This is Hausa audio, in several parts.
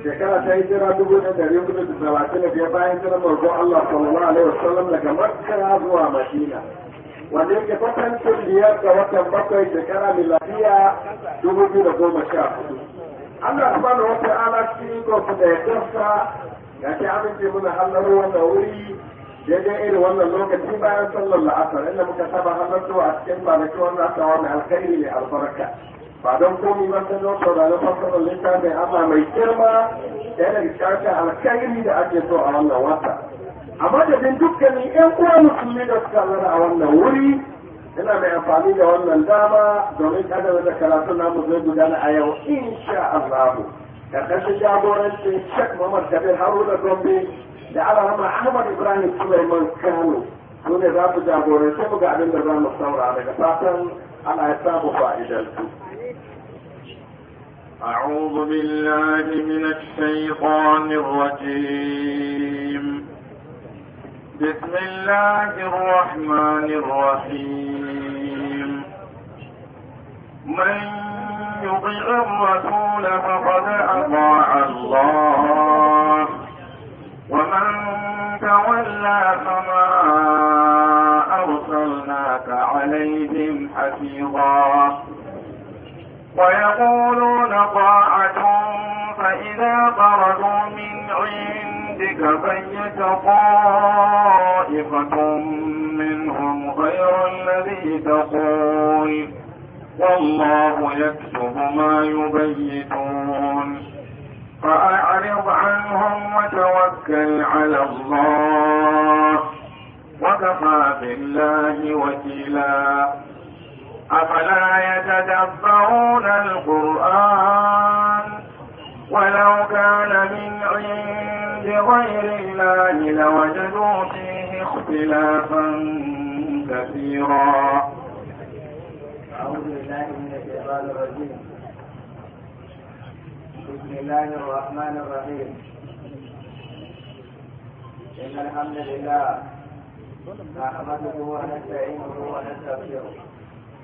shekara ta yi jira dubu da dari hudu da talatin da biyar bayan jira manzo Allah sallallahu alaihi wasallam daga Makka zuwa Madina wanda yake kwatancin biyar da watan bakwai shekara miladiya dubu biyu da goma sha hudu. Allah subhanahu wata ala cikin gobe da ya tafsa ya ce amince muna hallaro wannan wuri daidai irin wannan lokaci bayan sallar la'asar inda muka saba zuwa a cikin da wannan asawa mai alkhairi mai albarka. ba don komi ba ta zo sauraron fasarar littafin amma mai girma da yana shafi alkairi da ake so a wannan wata a madadin dukkanin yan uwa musulmi da suka zara a wannan wuri yana mai amfani da wannan dama domin kada da karatun namu zai gudana a yau insha Allah karkashin jagorancin Sheikh Muhammad Kabir Haruna Gombe da Alhama Ahmad Ibrahim Sulaiman Kano su ne za su jagoranci mu ga abin da za mu saura daga fatan ana ya samu su. أعوذ بالله من الشيطان الرجيم بسم الله الرحمن الرحيم من يطع الرسول فقد أطاع الله ومن تولى فما أرسلناك عليهم حفيظا ويقولون طاعة فإذا خرجوا من عندك بيت طائفة منهم غير الذي تقول والله يكتب ما يبيتون فأعرض عنهم وتوكل على الله وكفى بالله وكيلا أفلا يتدبرون القرآن ولو كان من عند غير الله لوجدوا فيه اختلافا كثيرا أعوذ بالله من الشيطان الرجيم بسم الله الرحمن الرحيم إن الحمد لله نحمده ونستعينه ونستغفره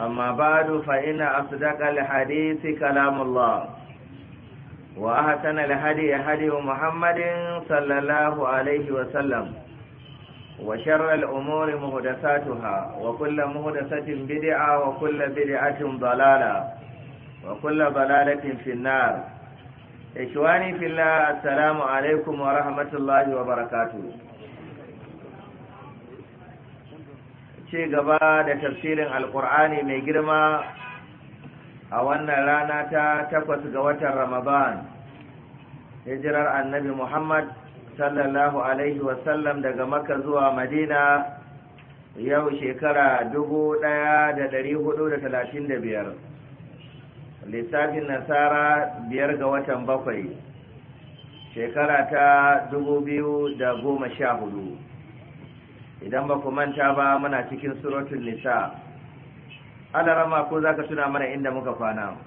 أما بعد فإن أصدق الحديث كلام الله وأحسن الهدي هدي محمد صلى الله عليه وسلم وشر الأمور مهدساتها وكل مهدسة بدعة وكل بدعة ضلالة وكل ضلالة في النار إخواني في الله السلام عليكم ورحمة الله وبركاته ci gaba da tafsirin alkur'ani mai girma a wannan rana ta takwas ga watan ramadan hijirar annabi muhammad sallallahu alaihi wasallam daga makka zuwa madina yau shekara dubu ɗaya da ɗari hudu da talatin da biyar lissafin nasara biyar ga watan bakwai shekara ta dubu biyu da goma sha hudu idan ba ku manta ba muna cikin suratul nisa ana rama ko zaka tuna mana inda muka kwana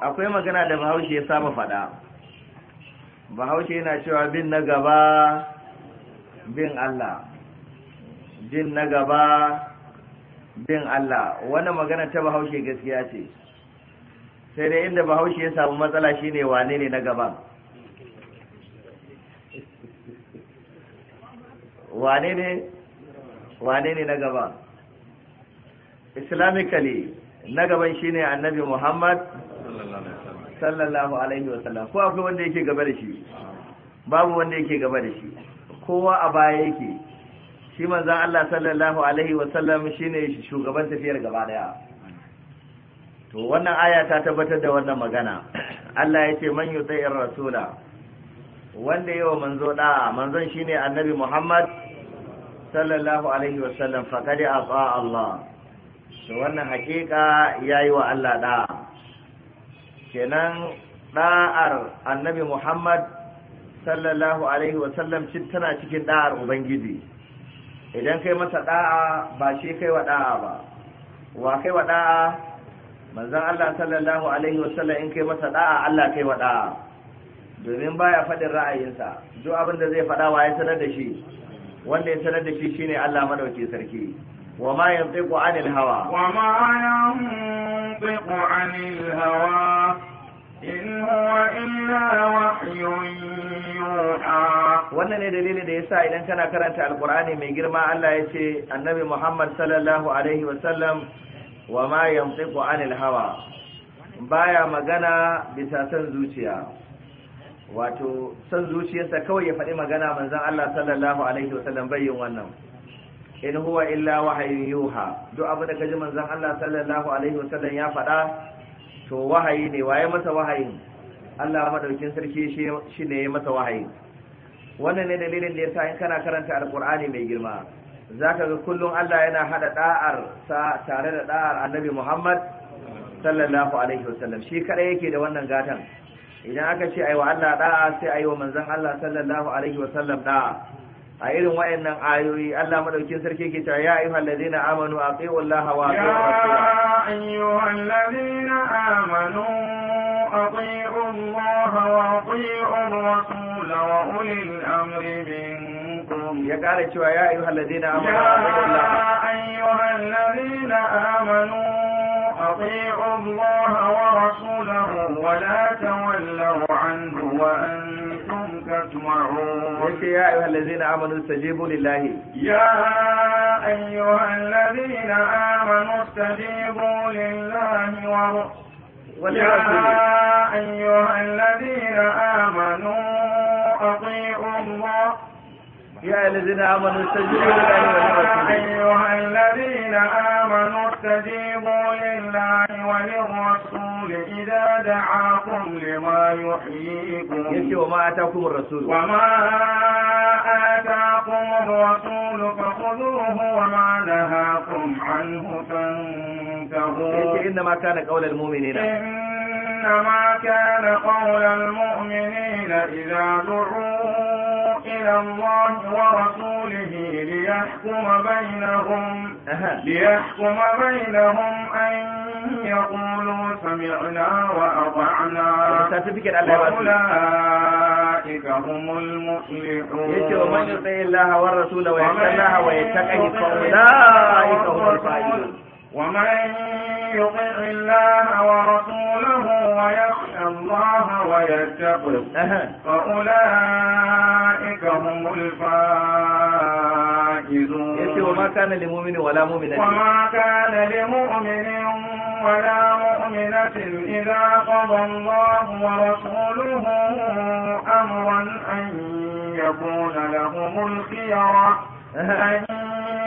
akwai magana da bahaushe ya saba faɗa bahaushe yana cewa bin na gaba bin Allah jin na gaba bin Allah wannan magana ta bahaushe gaskiya ce sai dai inda bahaushe ya samu matsala shine wane ne na gaba? wane ne wane ne na gaba islamically na gaban shine annabi muhammad sallallahu alaihi wasallam ko akwai wanda yake gaba da shi babu wanda yake gaba da shi kowa a baya yake shi manzan Allah sallallahu alaihi wasallam shine shugaban tafiyar gaba daya to wannan aya ta tabbatar da wannan magana Allah ya ce man yutai'ir rasula wanda yawa manzo da, manzon shine annabi Muhammad sallallahu alaihi wasallam faqad ata Allah to wannan hakika yayi wa Allah da. kenan da'ar annabi Muhammad sallallahu alaihi wasallam tana cikin da'ar ubangiji idan kai masa da'a ba shi kai wa da'a ba wa kai wa da'a manzon Allah sallallahu alaihi wasallam in kai masa da'a Allah kai wa da'a domin baya faɗin ra'ayinsa duk abin da zai faɗa wa ya sanar da shi wanda ya sanar da shi shine Allah madauki sarki wa ma yantiqu anil hawa wa ma yantiqu anil hawa in illa wannan ne dalilin da yasa idan kana karanta alkur'ani mai girma Allah ya ce annabi Muhammad sallallahu alaihi wa sallam wa ma yantiqu anil hawa baya magana bisa san zuciya wato san zuciyarsa kawai ya faɗi magana manzon Allah sallallahu alaihi wa sallam yin wannan in huwa illa wahyun yuha duk abin da kaji manzon Allah sallallahu alaihi wa sallam ya faɗa to wahayi ne waye masa wahayin Allah madaukin sarki shi ne ya masa wahayi wannan ne dalilin da yasa in kana karanta alqur'ani mai girma zaka ga kullum Allah yana hada da'ar sa tare da da'ar Annabi Muhammad sallallahu alaihi wasallam shi kada yake da wannan gatan idan aka ce aiwa Allah da'a sai aiwa manzon Allah sallallahu alaihi wasallam da'a a irin wayannan ayoyi Allah madaukin sarki ke cewa ya ayyuhal ladina amanu aqimu Allaha wa aqimu rasula ya ayyuhal ladina amanu aqimu Allaha wa aqimu rasula wa ulil amri minkum ya kare cewa ya ayyuhal ladina amanu aqimu Allaha ya ayyuhal ladina amanu wa أطيعوا الله ورسوله ولا تولوا عنه وأنتم تسمعون يا أيها الذين آمنوا استجيبوا لله يا أيها الذين آمنوا استجيبوا لله ورسوله يا أيها الذين آمنوا أطيعوا الله يا الذين آمنوا استجيبوا لله أيها الذين آمنوا استجيبوا لله وللرسول إذا دعاكم لما يحييكم وما آتاكم الرسول وما آتاكم الرسول فخذوه وما نهاكم عنه فانتهوا إنما كان قول المؤمنين إنما كان قول المؤمنين إذا دعوا بين الله ورسوله ليحكم بينهم ليحكم بينهم أن يقولوا سمعنا وأطعنا وأولئك هم المفلحون ومن يطع الله والرسول ويخشى ويتقي فأولئك هم الفائزون ومن يطع الله ورسوله ويخشى الله ويتقوا فأولئك هم الفائزون وما كان لمؤمن ولا مؤمنة وما كان لمؤمن ولا مؤمنة إذا قضى الله ورسوله أمرا أن يكون لهم الخيرة أن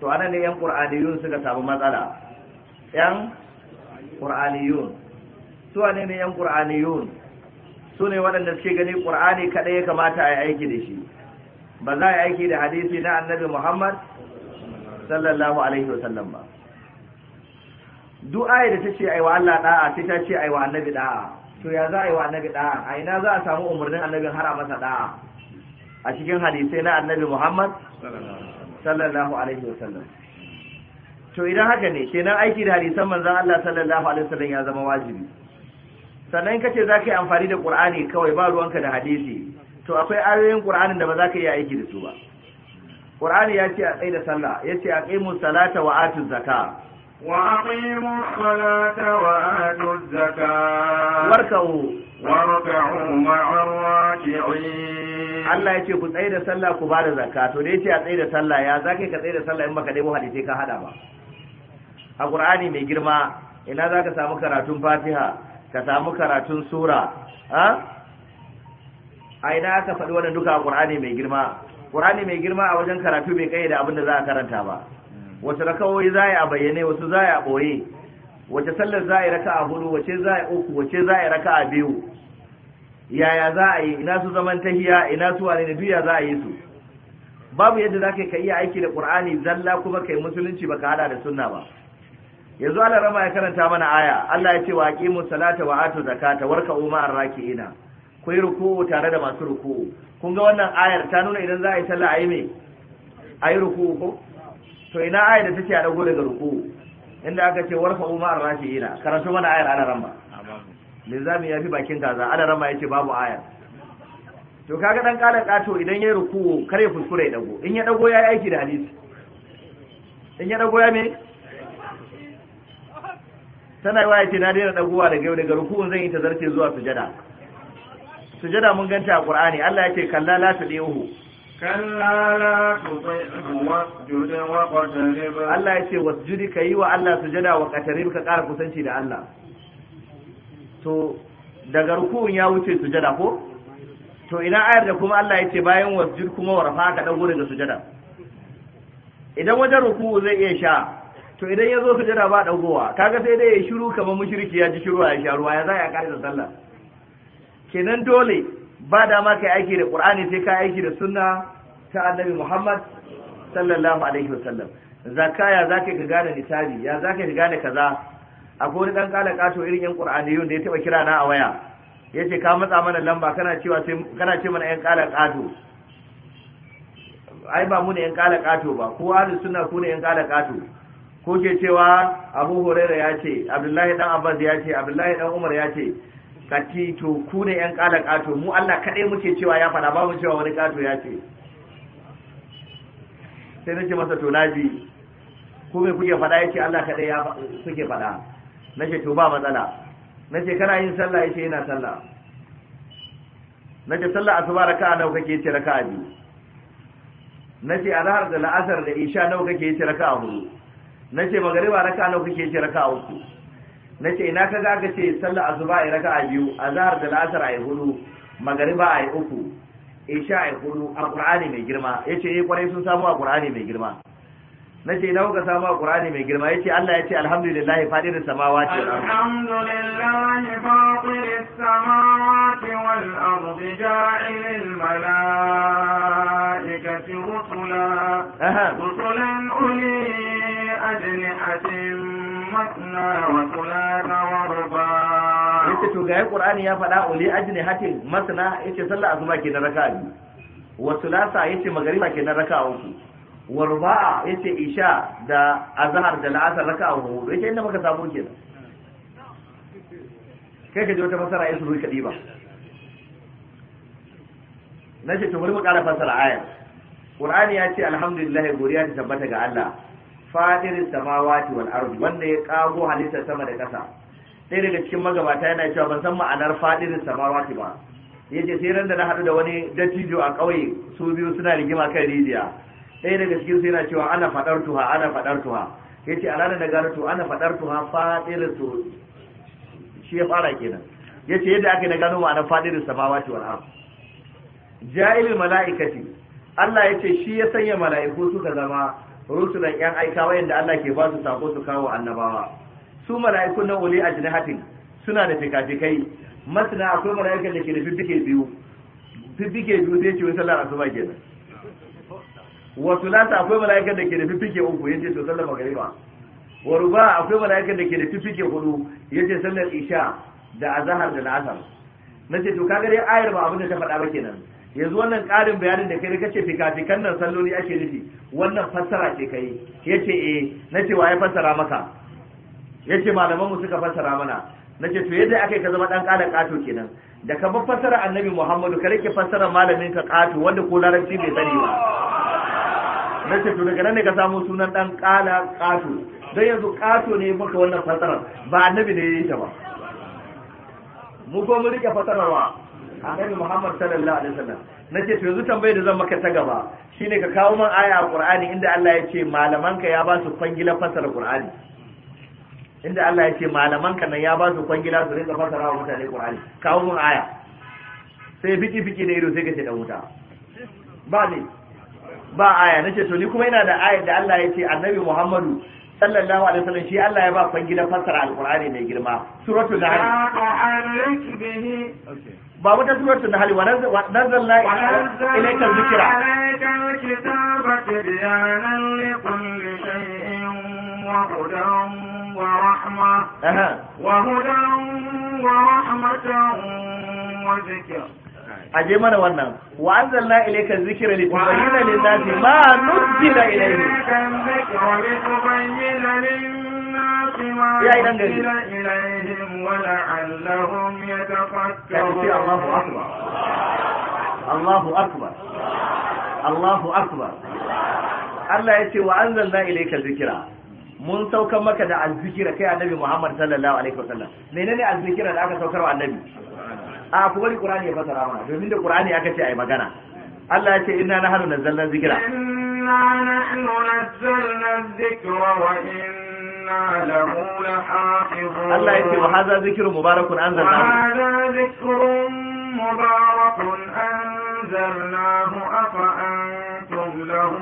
to ana ne yan qur'aniyun suka samu matsala yan qur'aniyun su ne ne yan qur'aniyun su ne waɗanda suke gani qur'ani kada ya kamata a yi aiki da shi ba za a yi aiki da hadisi na annabi muhammad sallallahu alaihi wasallam ba duk aya da ta ce aiwa Allah da'a sai ta ce aiwa annabi da'a to ya za a yi wa annabi da'a a ina za a samu umarnin annabin har a masa da'a a cikin hadisai na annabi Muhammad sallallahu alaihi wasallam to idan haka ne kenan aiki da hadisan manzon Allah sallallahu alaihi wasallam ya zama wajibi sannan kace zaka yi amfani da Qur'ani kawai ba ruwanka da hadisi to akwai ayoyin ƙur'anin da ba zaka iya aiki da su ba Qur'ani ya ce a tsaye da sallah ya ce a qimu salata wa atu zakah وأقيموا الصلاة وآتوا الزكاة واركعوا واركعوا مع الراكعين Allah ya ce ku tsaye da sallah ku ba da zakka to a tsaye da sallah ya ka tsaye da sallah ka ba a mai girma ina samu karatun Fatiha ka samu karatun sura a ina aka faɗi wannan duka a ƙur'ani mai girma Ƙur'ani mai girma a wajen karatu bai kai da abin da za a karanta ba wace rakawoyi za a bayyane wasu za a ɓoye wace sallar za a yi raka a hudu wace za a uku wace za a yi raka a biyu yaya za a yi ina su zaman tahiya ina su wane duk za a yi su babu yadda za ka iya aiki da Ƙur'ani, zalla kuma kai musulunci baka hada da sunna ba yanzu Allah rama ya karanta mana aya Allah ya ce wa aqimu salata wa atu zakata warka'u ma'ar raki'ina ku yi ruku'u tare da masu ruku'u kun ga wannan ayar ta nuna idan za a yi sallah a yi me a yi ruku'u ko to ina ayar da take a dago daga ruku inda aka ce warfa umar rafi'ina karatu mana ayar ana ramba linzami ya fi bakin kaza ana ramba yace babu ayar to kaga dan kalan kato idan yayi ruku kar ya kuskure ya dago in ya dago yayi aiki da hadisi in ya dago ya me tana yi waye ce na daina dagowa daga yau daga rukun zan yi ta zarce zuwa sujada sujada mun ganta a qur'ani Allah ya ce kalla la tadihu كلا لا تطعه واسجد واقترب الله يتي واسجد كي والله سجدا ka كقال كسنشي ده الله to daga rukun ya wuce sujada ko to ina ayar da kuma Allah ya ce bayan wasjud kuma warfa ka dan gurin da sujada idan wajen ruku zai iya sha to idan ya zo sujada ba dagowa kaga sai dai ya shiru kamar mushriki ya ji shiru ya sha ruwa ya za ya kare da sallah kenan dole ba da ma kai aiki da qur'ani sai ka aiki da sunna ta annabi muhammad sallallahu alaihi wasallam zakka ya zaka ka gane nisabi ya zaka ka gane kaza akwai wani dan kala kato irin yan qur'ani yau da ya taba kira na a waya yace ka matsa mana lamba kana cewa sai kana ce mana yan kala kato ai ba mu ne yan kala kato ba ko ahli sunna ko ne yan kala kato ko ke cewa Abu Hurairah ya ce Abdullahi dan Abbas ya ce Abdullahi dan Umar ya ce kati to ku ne yan kala kato mu Allah kaɗai muke cewa ya faɗa babu cewa wani kato ya ce sai nake masa to naji ko mai kuke faɗa yake Allah kaɗai ya suke faɗa ce to ba matsala nace kana yin sallah ya ce yana sallah ce sallah asuba raka'a nawa kake yace raka'a biyu a azhar da la'asar da isha nawa kake yace raka'a hudu nace magariba raka'a nawa kake yace raka'a uku nace ina kaga aka ce sallar azuba ai a biyu a azhar da la'asar ai hudu magariba ai uku isha ai hudu a ƙur'ani mai girma yace eh kwarai sun samu a ƙur'ani mai girma nace ina kuka samu a ƙur'ani mai girma yace Allah yace alhamdulillah fadirin samawati wal ardi alhamdulillah fadirin samawati wal malaikati rusula rusulan uli ومثنى yace to ga Qur'ani ya faɗa uli ajni hatin masna yace sallah azuma kenan raka'a biyu wa thulatha yace magariba kenan raka'a uku wa ruba'a yace isha da azhar da la'asar raka'a hudu yace inda muka samu kenan kai ka ji wata masara yasu ruwa kaɗi nace to bari mu ƙara fasara ayar Qur'ani ya ce alhamdulillah godiya ta tabbata ga Allah fadirin samawati wal ardi wanda ya kago halittar sama da kasa sai daga cikin magabata yana cewa ban san ma'anar fadirin samawati ba yace sai ran da na hadu da wani dattijo a kauye su biyu suna rigima kan rijiya sai daga cikin sai yana cewa ana fadar tuha ana fadar tuha yace a ranar da gano to ana fadar tuha fadirin to shi ya fara kenan yace yadda aka na gano ma'anar fadirin samawati wal ardi ja'ilul mala'ikati Allah yace shi ya sanya mala'iku suka zama rusulan yan aika wayanda Allah ke ba su sako su kawo annabawa su mala'iku na uli ajnahatin suna da fikafikai masana akwai mala'ikan da ke da fiffike biyu fiffike biyu sai ce wani sallar asuba kenan wa sulata akwai mala'ikan da ke da fiffike uku yace to sallar magariba wa ruba akwai mala'ikan da ke da fiffike hudu yace sallar isha da azhar da al'asr nace to kaga dai ayar ba abin da ta faɗa ba kenan yanzu wannan karin bayanin da kai kace fikafikan nan salloli ake nufi wannan fassara ce kai yace eh nace wa ya fassara maka yace malaman mu suka fassara mana nace to yadda akai ka zama dan kalan kato kenan da ka bar fassara annabi Muhammadu ka rike fassara malamin ka kato wanda ko larabci bai sani ba nace to daga nan ne ka samu sunan dan ƙala kato dan yanzu ƙato ne maka wannan fassara ba annabi ne ya yi ta ba mu ko mu rike fassararwa annabi Muhammad sallallahu alaihi wasallam nace to yanzu tambayar da zan maka ta gaba shine ka kawo man aya a Qur'ani inda Allah ya ce malamanka ya ba su kwangila fasara Qur'ani inda Allah ya ce malamanka nan ya ba su kwangila su rinka fasara wa mutane Qur'ani kawo man aya sai fiki fiki da ido sai ka ce da wuta ba ne ba aya nace to ni kuma ina da aya da Allah ya ce annabi Muhammadu sallallahu alaihi wasallam shi Allah ya ba fan gidan fassara alqur'ani mai girma suratul nahl ba wata suratul nahl wa nazzalna ilayka dhikra وهدى ورحمة وذكر aje mana wannan wa anzalna ilayka dhikra tubayyana lin-nasi ma nuzila ilayhi ya idan gari Allahu akbar Allahu akbar Allahu akbar Allah yace wa anzalna ilayka dhikra mun saukar maka da azzikira kai annabi Muhammad sallallahu alaihi wasallam menene azzikira da aka saukar wa annabi a ku bari qur'ani ya fasara mana domin da qur'ani aka ce ai magana Allah ya ce inna nahnu nazzalna dhikra inna nahnu nazzalna dhikra wa inna lahu lahafizun Allah ya ce wa hadha dhikru mubarakun anzalnahu hadha dhikrun mubarakun anzalnahu afa antum lahu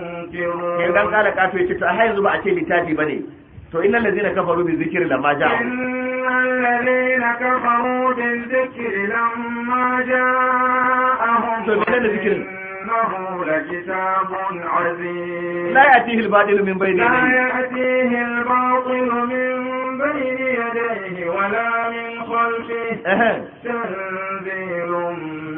munkirun idan ce ta yace yanzu ba a ce littafi bane to innal ladzina kafaru bi dhikri lamma ja'a الذين كفروا بالذكر لما جاءهم طيب، إنه لكتاب عزيز لا يأتيه الباطل من بين يديه لا يأتيه الباطل من بين يديه ولا من خلفه تنزيل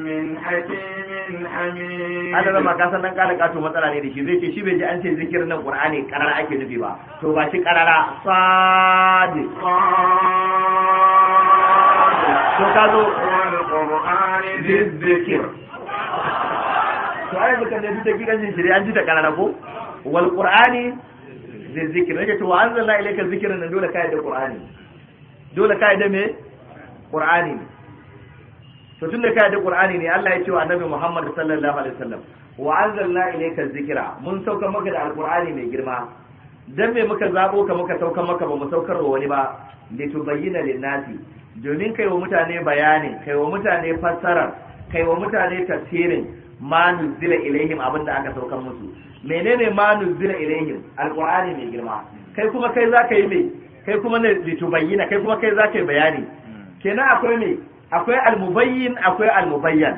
من حكيم حميد هذا ka san nan قال kato matsala ne da shi zai ce shi bai ji an ce zikirin nan qur'ani karara ake nufi ba to ba shi karara sadi to ka zo qur'ani zikir to ai baka da duk da gidan jin shi an ji da karara ko wal qur'ani zikir ne to anzalna ilayka zikran nan dole kai da qur'ani dole kai da me qur'ani to tun da ka da qur'ani ne Allah ya ce wa annabi Muhammad sallallahu alaihi wasallam wa anzalna ilayka zikra mun sauka maka da alqur'ani mai girma dan me muka zabo ka muka sauka maka ba mu saukar wa wani ba tubayyana lin-nasi domin kai wa mutane bayani kai wa mutane fassarar kai wa mutane tafsirin ma nuzila ilaihim abinda aka sauka musu menene ma nuzila ilaihim alqur'ani mai girma kai kuma kai zaka yi me kai kuma ne litubayyana kai kuma kai zaka yi bayani hmm. kenan akwai me akwai almubayyin akwai almubayyan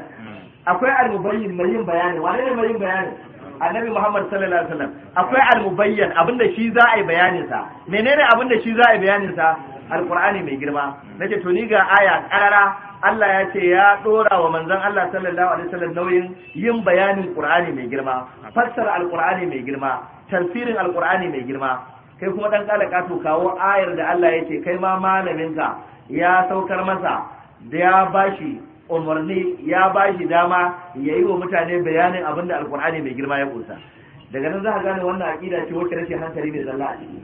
akwai almubayyin mai yin bayani wane ne mai yin bayani annabi Muhammad sallallahu alaihi wasallam akwai almubayyan abinda shi za a yi bayani sa menene abinda shi za a yi bayani sa alqur'ani mai girma nake to ni ga aya karara Allah ya ce ya dora wa manzon Allah sallallahu alaihi wasallam nauyin yin bayanin qur'ani mai girma fassara alqur'ani mai girma tafsirin alqur'ani mai girma kai kuma dan kalaka to kawo ayar da Allah yake kai ma ka ya saukar masa da ya bashi umarni ya bashi dama ya yi wa mutane bayanin abin da alkur'ani mai girma ya kusa daga nan za a gane wannan aƙida ce wacce rashin hankali ne zalla a ciki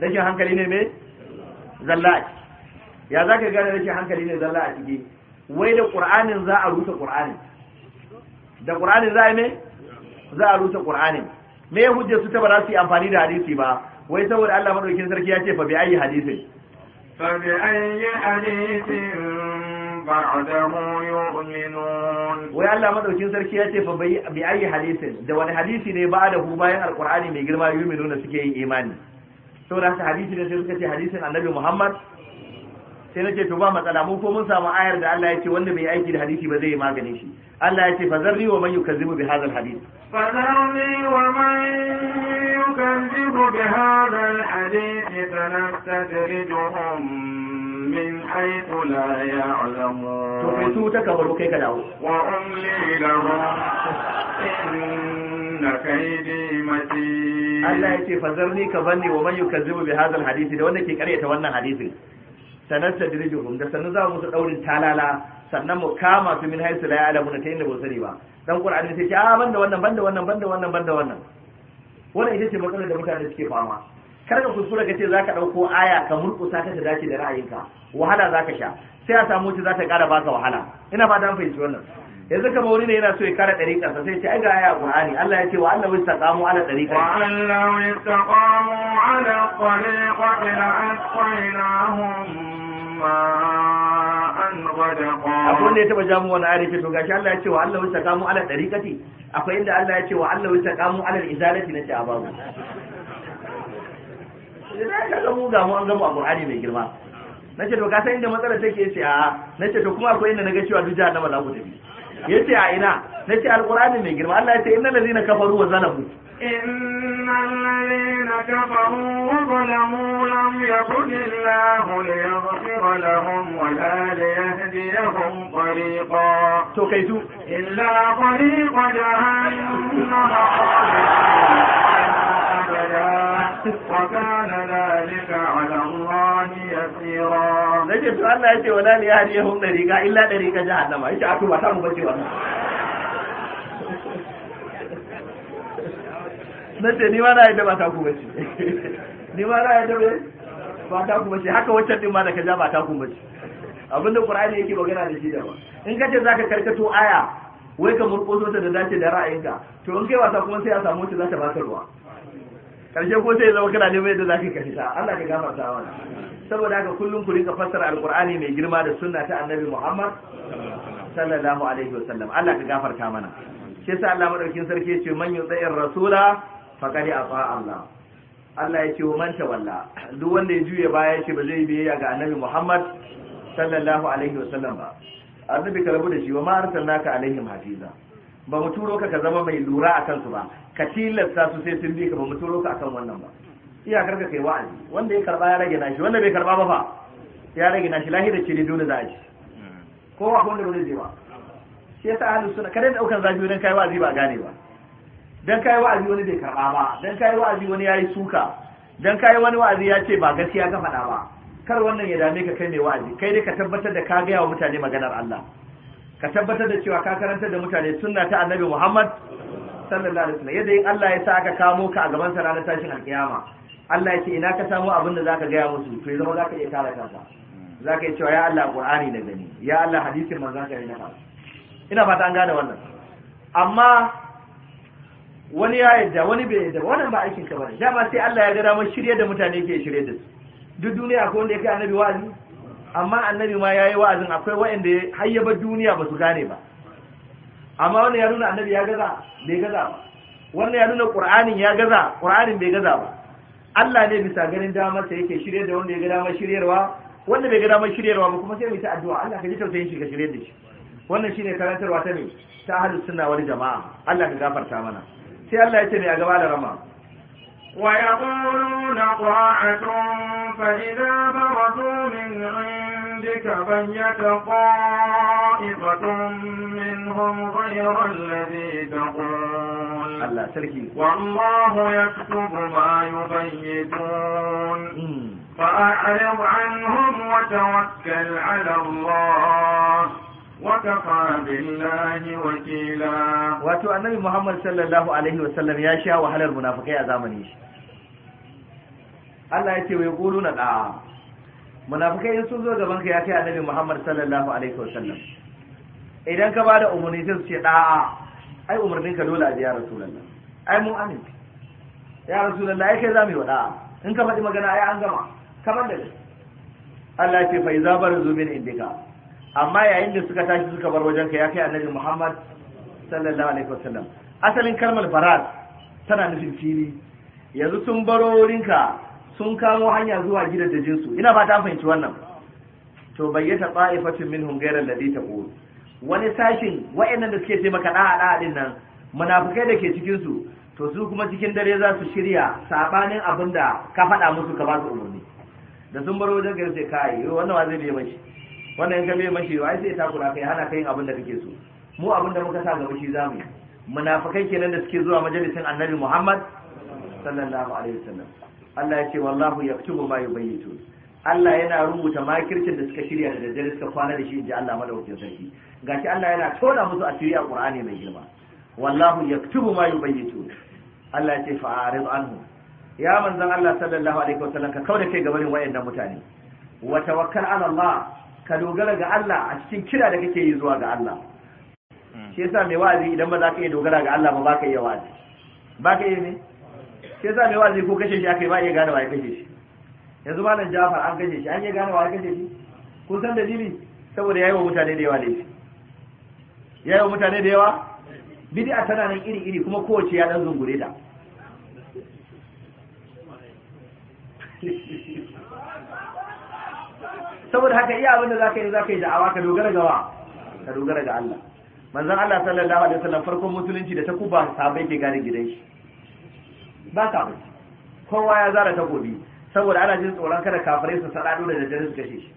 rashin hankali ne mai zalla a ciki ya za ka gane rashin hankali ne zalla a ciki wai da ƙur'anin za a rusa ƙur'anin da ƙur'anin za a yi za a rusa ƙur'anin me hujjar su ta ba za su yi amfani da hadisi ba wai saboda Allah madaukakin sarki ya ce fa bi ayi hadisin fa bi ayi hadisin بعده يؤمنون ويا الله مدوكين سركي ياتي فبأي حديث ده wani حديث ne بعده da hu bayan alqur'ani mai girma yu'minuna suke yin imani saboda haka hadisi ne sai suka ce annabi Muhammad sai nace to ba matsala mu ko mun samu ayar da Allah ya ce wanda bai aiki da hadisi ba zai magane shi Allah ya ce zarri wa man yukazzibu bi hadha alhadith fazarri wa man yukazzibu bi hadha alhadith من حيث لا يعلمون وأملي لهم إن كيدي متين الله يتي فزرني كبني ومن يكذب بهذا الحديث ده wanda ke karyata wannan hadisin sanarta da sanu za mu su daurin talala sannan mu kama su min haisu la ya'lamuna ta inda ba sani ba dan qur'ani sai ce a ah, banda wannan banda wannan banda wannan banda wannan wannan ita ce matsalar da mutane suke fama kar ka kuskura ka ce za ka ɗauko aya ka murƙusa ka dace da ra'ayinka wahala za ka sha sai a samu wacce za ta ƙara baka wahala ina ba dan fahimci wannan yanzu kama wani ne yana so ya kara ƙasa, sai ce ai ga aya Qur'ani Allah ya ce wa Allah wista qamu ala ɗariƙa wa Allah wista qamu ala ɗariƙa ila asqainahum ma'an ghadaqa akwai wanda ya taba jamu wani arifi to gashi Allah ya ce wa Allah wista qamu ala ɗariƙati akwai inda Allah ya ce wa Allah wista qamu ala izalati na ce a babu ka ga mu ga mu an gama Alƙur'ani mai girma nace to ka san inda matsalar take yace a nace to kuma akwai inda naga cewa duk na za ku tafi yace a ina nace alqur'ani mai girma Allah ya ce innal ladina kafaru wa zalamu innal ladina kafaru wa zalamu lam yakun illahu liyaghfira lahum wa la liyahdiyahum tariqa to kaitu illa tariqa jahannama وكان ذلك على الله يسيرا نجي تو الله يتي ولا لي هديهم إلا جهنم أكو ni ma na yadda ba ta ku ba ta ku haka wacce din ma da ka ja ba ta abinda qur'ani yake magana da shi da ba in kace zaka karkato aya wai ka murƙoso ta da dace da ra'ayinka to in kai wasa kuma sai a samu za ta baka ruwa karshe ko sai zama kana neman yadda zaka kafita Allah ka gafarta wani saboda haka kullum ku rinka fassara alqur'ani mai girma da sunna ta annabi Muhammad sallallahu alaihi wasallam Allah ka gafarta mana shi yasa Allah madaukin sarki yace man yutsayir rasula faqad ata Allah Allah yace wa man tawalla duk wanda ya juye baya yace ba zai biye ga annabi Muhammad sallallahu alaihi wasallam ba annabi karabu rabu da shi wa ma arsalnaka alaihim hafiza ba mu turo ka ka zama mai lura a kansu ba ka tilasta su sai sun bi ka ba mu turo ka akan wannan ba iyakar ka kai wa'azi wanda ya karba ya rage nashi wanda bai karba ba fa ya rage nashi lahira ce ne dole za a ji ko wa wanda ba zai ba shi yasa ahlus sunna kada daukan zafi wurin kai wa'azi ba gane ba dan kai wa'azi wani bai karba ba dan kai wa'azi wani yayi suka dan kai wani wa'azi ya ce ba gaskiya ka faɗa ba kar wannan ya dame ka kai mai wa'azi kai dai ka tabbatar da ka ga wa mutane maganar Allah ka tabbatar da cewa ka karanta da mutane sunna ta annabi Muhammad sallallahu alaihi wasallam yadda in Allah ya sa aka kamo ka a gaban sa ranar tashin alkiyama Allah ya ce ina ka samu abin da zaka gaya musu to ya zama zaka iya kare kanka zaka iya cewa ya Allah Qur'ani da gani ya Allah hadisin manzon ka yi na ina fata an gane wannan amma wani ya yadda wani bai yadda wannan ba aikin ka bane dama sai Allah ya ga damar shirye da mutane ke shirye da su duk duniya akwai wanda ya kai annabi wa'azi amma annabi ma yayi wa'azin akwai wa'inda har ya bar duniya ba su gane ba amma wannan ya nuna annabi ya gaza bai gaza ba wannan ya nuna qur'anin ya gaza qur'anin bai gaza ba Allah ne bisa ganin damar sa yake shirye da wanda ya ga damar shiryarwa wanda bai ga damar shiryarwa ba kuma sai mu ta addu'a Allah ka ji tausayin shi ka shirye da shi wannan shine karantarwa ta ne ta ahlus sunna wal jama'a Allah ka gafarta mana sai Allah ya ce mai a gaba da rama ويقولون طاعة فإذا برزوا من عندك بيت طائفة منهم غير الذي تقول والله يكتب ما يبيتون فأعرض عنهم وتوكل على الله وكفى بالله وكيلا واتو النبي محمد صلى الله عليه وسلم يا شا وهل المنافقين a zamani. shi Allah ya ce wai quluna da munafikai sun zo gaban ka ya kai annabi Muhammad sallallahu alaihi wasallam idan ka bada umarni sai su ce da'a ai umarnin ka dole a ji ya rasulullah ai mun amin ya rasulullah ai kai zamu yi da'a in ka faɗi magana ai an gama kamar da Allah ya ce fa izabar zubin indika amma yayin da suka tashi suka bar wajen ka ya kai annabi Muhammad sallallahu alaihi wasallam asalin kalmar barat tana nufin fili yanzu sun baro wurinka sun kawo hanya zuwa gidan da jinsu ina ba ta fahimci wannan to bayyata ta'ifatin minhum ghayra alladhi taqul wani sashin wayannan da suke taimaka da da'a din nan munafikai da ke cikin su to su kuma cikin dare za su shirya sabanin abinda ka faɗa musu ka ba su umarni da sun baro wajen ka yi wannan wa zai biye wannan in ka bai mashi wai sai ta kula kai hana kai abin da kake so mu abin da muka sa gaba shi zamu munafikai kenan da suke zuwa majalisin Annabi Muhammad sallallahu alaihi wasallam Allah ya ce wallahu yaktubu ma yubayitu Allah yana rubuta makircin da suka shirya da daddare suka kwana da shi inji Allah madaukakin sarki gashi Allah yana tona musu asiri a Qur'ani mai girma wallahu yaktubu ma yubayitu Allah ya ce fa'arid anhu ya manzon Allah sallallahu alaihi wasallam ka kauda kai gaban wayannan mutane wa tawakkal ala Allah ka dogara ga Allah a cikin kira da kake yi zuwa ga Allah hmm. shi yasa mai wa'azi idan ba za ka iya dogara ga Allah ba ba ka iya wa'azi ba ka iya ne shi yasa mai wa'azi ko kashe shi aka yi ba iya gane wa ya kashe shi yanzu malam Jafar an kashe shi an iya gane wa ya kashe shi kun san dalili saboda yayi wa mutane da yawa laifi yayi wa mutane da yawa bid'a tana nan iri iri kuma kowace ya dan zungure da. saboda haka iya abin da ka yi za ka yi da'awa ka dogara ga wa ka dogara ga Allah manzon Allah sallallahu alaihi wasallam farkon musulunci da ta kuba sabai ke gane gidan shi ba ka ba kowa ya zara ta gobi saboda ana jin tsoron kada kafirai su dole da daddare su kashe shi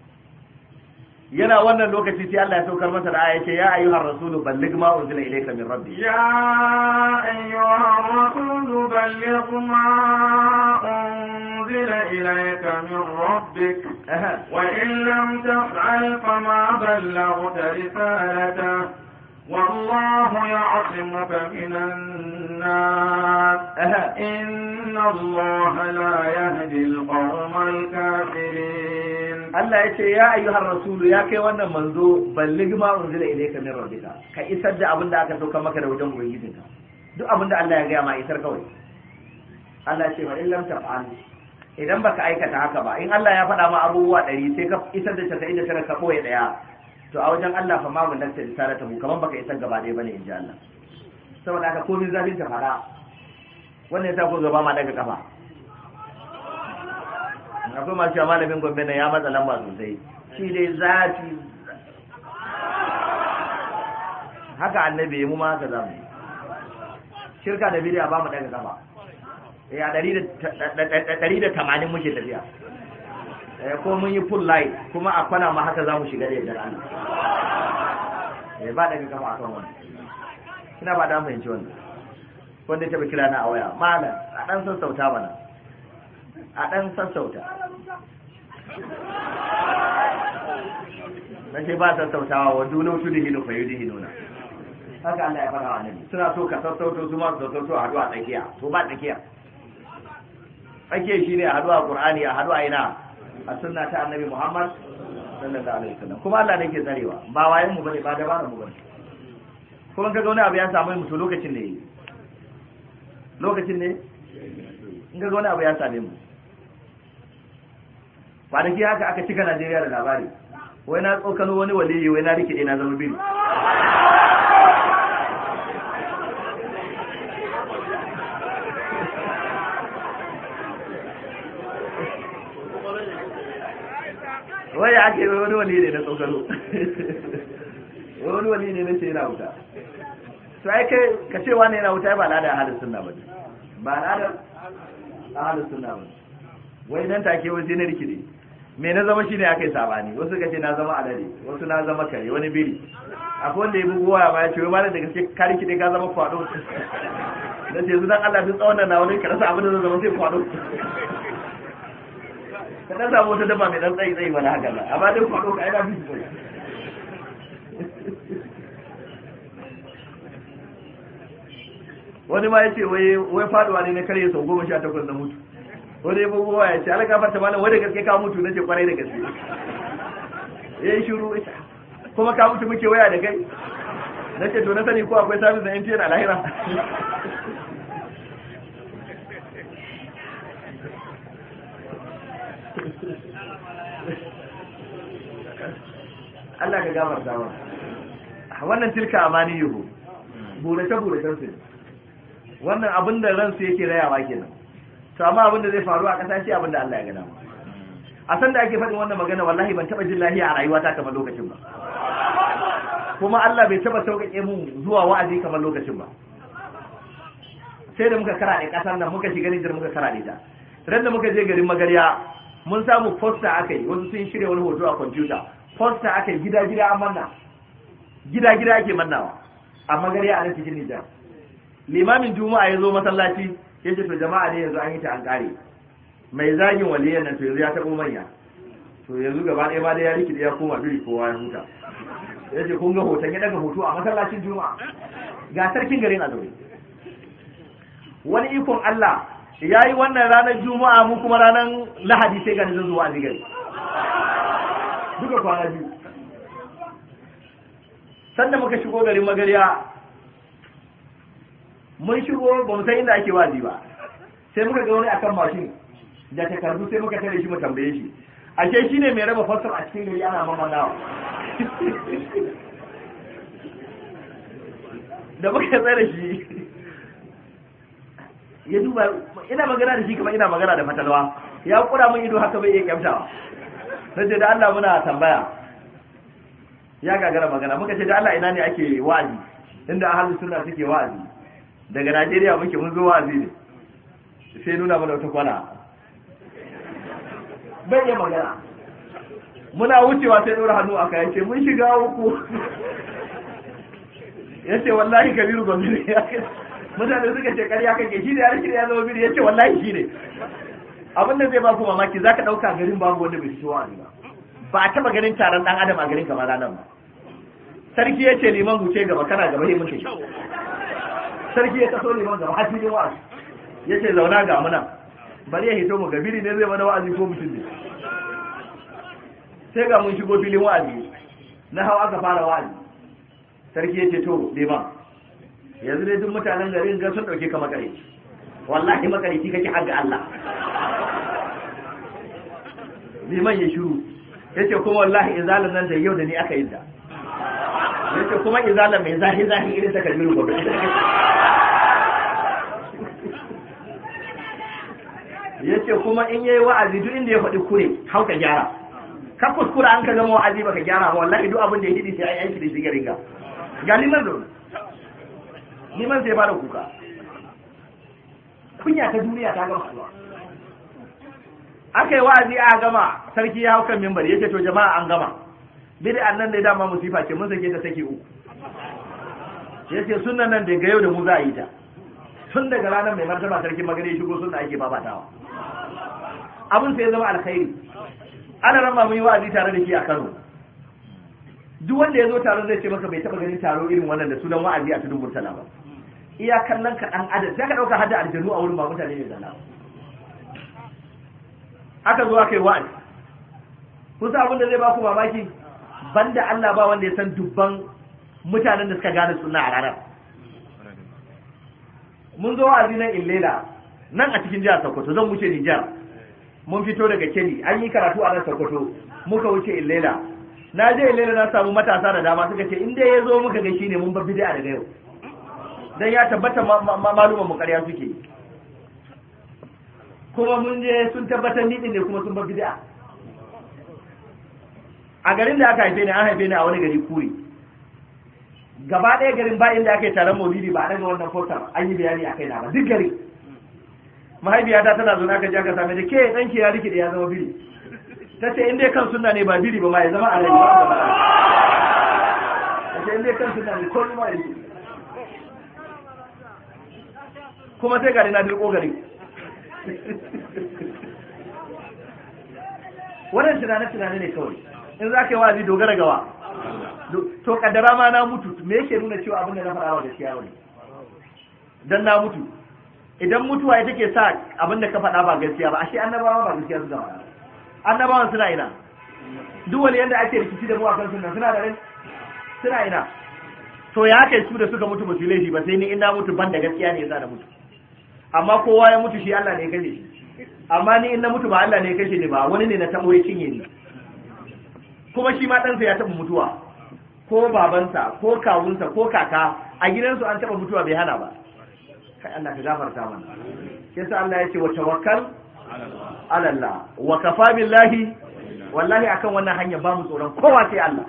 yana wannan lokaci sai Allah ya saukar masa da aya ce ya ayyuhar rasul balligh ma unzila ilayka min rabbi ya ayyuhar rasul balligh ma أنزل إليك من ربك وإن لم تفعل فما بلغت رسالته والله يعصمك من الناس إن الله لا يهدي القوم الكافرين الله يقول يا أيها الرسول يا كي وانا منذ بلغ ما أنزل إليك من ربك كإسد أبن دعك سوك كما كده وجم duk دو da Allah ya gaya ma isar kawai Allah ce wa in lam idan baka aikata haka ba in Allah ya faɗa ma abubuwa ɗari sai ka isar da casa'in da tara ka ɓoye ɗaya to a wajen Allah fa mamun nan sai tsara ta kamar baka isar gaba ɗaya bane ji Allah saboda haka komai zafin ta fara wannan ya ta ko gaba ma daga kafa akwai masu yawa malamin gombe na ya matsa lamba sosai shi dai zafi haka annabi mu ma haka zamu shirka da bidiya ba mu daga kafa ya eh, ɗari da tamanin muke tafiya eh, ko mun yi full light kuma a kwana ma haka za mu shiga da yadda an eh, ba daga kama akan wani kina ba da fahimci wannan wanda ta kira na a waya malam a ɗan sassauta mana a ɗan sassauta na ce ba sassautawa wa dunau tu fayu da yudihinu na haka Allah ya fara wa nabi suna so ka sassauto su ma su sassauto a haɗu a tsakiya to ba tsakiya ake shi ne a hadu a ƙur'ani a hadu a ina a sunna ta annabi muhammad sallallahu alaihi wasallam kuma Allah ne ke tsarewa ba wayan mu bane ba dabaran mu bane kuma kaga wani abu ya samu to lokacin ne lokacin ne in kaga wani abu ya same mu ba da haka aka cika Najeriya da labari wai na tsokano wani waliyi wai na rike na zama biri wani ake yi wani wani ne na tsokano wani wani ne na ce yana wuta to ai kai ka ce wani yana wuta ba al'ada ahalin sunna ba ba al'ada ahalin sunna ba wai nan take wani na rikide me na zama shine aka yi sabani wasu ka ce na zama alade wasu na zama kare wani biri akwai wanda ya bugu waya ba ya ce wai malam da gaske ka rikide ka zama kwado na ce yanzu dan Allah duk tsawon nan na wani ka rasa abin da zama sai kwado ka dan samu wata daba mai tsayi tsayi wani haka ba amma duk kwado ka ina bisu tsayi wani ma ya ce wai faduwa ne na karye sau goma sha takwas na mutu wani ya bugu ya ce alaka fata malam wani gaske ka mutu na ce kwarai da gaske ya yi shiru kuma ka mutu muke waya da kai na ce to na sani ko akwai sabis na mtn a lahira Allah ka gamar dama wannan tilka amani yuhu burace burace su wannan abin da ransu yake rayawa kenan to amma abin da zai faru a kasa shi abin da Allah ya gada a san da ake faɗin wannan magana wallahi ban taɓa jin lahiya a rayuwata kamar lokacin ba kuma Allah bai taɓa sauƙaƙe mun zuwa wa'azi kamar lokacin ba sai da muka karaɗe ƙasar nan muka shiga Nijar muka karaɗe ta ran da muka je garin Magarya mun samu fosta aka yi wasu sun shirya wani hoto a kwamfuta fosta aka yi gida gida an manna gida gida ake mannawa amma gari a nan cikin Nijar limamin juma'a ya zo masallaci ya ce to jama'a ne yanzu an yi ta an kare mai zagin waliyan nan to yanzu ya taɓo manya to yanzu gaba ɗaya ma da ya rikide ya koma duri kowa ya huta ya ce kun ga hoton ya daga hoto a masallacin juma'a ga sarkin garin a zaune wani ikon Allah ya yi wannan ranar juma'a mu kuma ranar lahadi sai ganin zuwa a zigari duka kwana biyu sanda muka shigo garin magariya mun shigo ba mu san inda ake wazi ba sai muka ga wani akan mashin da takardu sai muka tare shi mu tambaye shi ashe shine mai raba fasar a cikin gari ana nawa da muka tsare shi ya duba ina magana da shi kamar ina magana da fatalwa ya kura mun ido haka bai iya kyamtawa sai da Allah muna tambaya ya gagara magana muka ce da Allah ina ne ake wa'azi inda ahalu suna suke wa'azi daga Najeriya muke mun zo wa'azi ne sai nuna mana wata kwana bai magana muna wucewa sai ɗora hannu aka yace mun shiga uku yace wallahi kabiru gombe ne mutane suka ce kariya kake shi ne ya rikida ya zama biri yace wallahi shi ne abin da zai ba ku mamaki ka ɗauka garin babu wanda bai fito wa'azi ba ba a taba ganin taron ɗan adam a garin kamar ranar ba sarki ya ce liman huce gaba kana gaba yi muke sarki ya taso liman gaba har filin wa'azi ya ce zauna ga muna bari ya hito mu gabiri ne zai mana wa'azi ko mutum ne sai ga mun shigo filin wa'azi na hau aka fara wa'azi sarki ya ce to liman yanzu ne duk mutanen garin ga sun ɗauke ka makarici wallahi makarici kake har ga Allah liman ya shiru yace kuma wallahi izalan nan da yau da ni aka yi da yace kuma izalan mai zahi zahi irin ta kalmi ko yace kuma in yayi wa'azi duk inda ya faɗi kure hauka gyara ka kuskura an ka gama wa'azi baka gyara ba wallahi duk abin da ya hidi sai ai aiki da shi ga ga liman don liman sai ba da kuka kunya ta duniya ta gama kuwa aka yi wa'azi a gama sarki ya hau kan mimbar yace to jama'a an gama bid'an nan dai dama musifa ce mun sake ta sake uku yace sunnan nan da ga yau da mu za a yi ta tun daga ranar mai martaba sarki magana shigo sunna ake babatawa abin sai ya zama alkhairi ana rama mun yi wa'azi tare da shi a Kano duk wanda ya zo taron zai ce maka bai taba ganin taro irin wannan da sunan wa'azi a tudun Murtala ba iya kallon ka dan adam sai ka dauka hada aljanu a wurin ba mutane ne da lawa aka zo aka yi kun kusa abin da zai baku ku mamaki banda Allah ba wanda ya san dubban mutanen da suka gane suna a ranar mun zo wa'azi nan illela nan a cikin jihar Sokoto zan wuce Nijar mun fito daga Kebbi an yi karatu a nan Sokoto muka wuce illela na je illela na samu matasa da dama suka ce in dai ya zo muka ga shine mun bar bid'a daga yau dan ya tabbata maluman mu ƙarya suke kuma mun je sun tabbatar ni ne kuma sun bar bid'a a garin da aka haife ni an haife ni a wani gari kure gaba ɗaya garin ba inda aka yi taron maulidi ba a daga wannan fotar an yi bayani a kai na ba duk gari mahaifiyata tana zo aka je aka same ta ke ɗanki ya rikide ya zama biri ta ce in dai kan suna ne ba biri ba ma ya zama a rai ta ce in dai kan suna ne ko ma ya kuma sai gari na dirko gari wannan tunane tunane ne kawai in za ka yi wa'azi dogara gawa to kaddara ma na mutu me yake nuna cewa abin da na faɗa wa gaskiya ne dan na mutu idan mutuwa ita ke sa abin da ka faɗa ba gaskiya ba ashe annabawa ba gaskiya su zama annabawan suna ina duk wani yadda ake rikici da mu a kan sunan suna da rai suna ina to ya kai su da suka mutu ba su laifi ba sai ni in na mutu ban da gaskiya ne ya sa na mutu amma kowa ya mutu shi Allah ne kashe shi amma ni in na mutu ba Allah ne ya kashe ni ba wani ne na tabo ya cinye ni kuma shi ma ɗansa ya taɓa mutuwa ko babansa ko kawunsa ko kaka a gidansu an taɓa mutuwa bai hana ba kai Allah ka gafarta mana yasa Allah ya ce wa tawakkal ala wa kafa billahi wallahi akan wannan hanya ba mu tsoron kowa sai Allah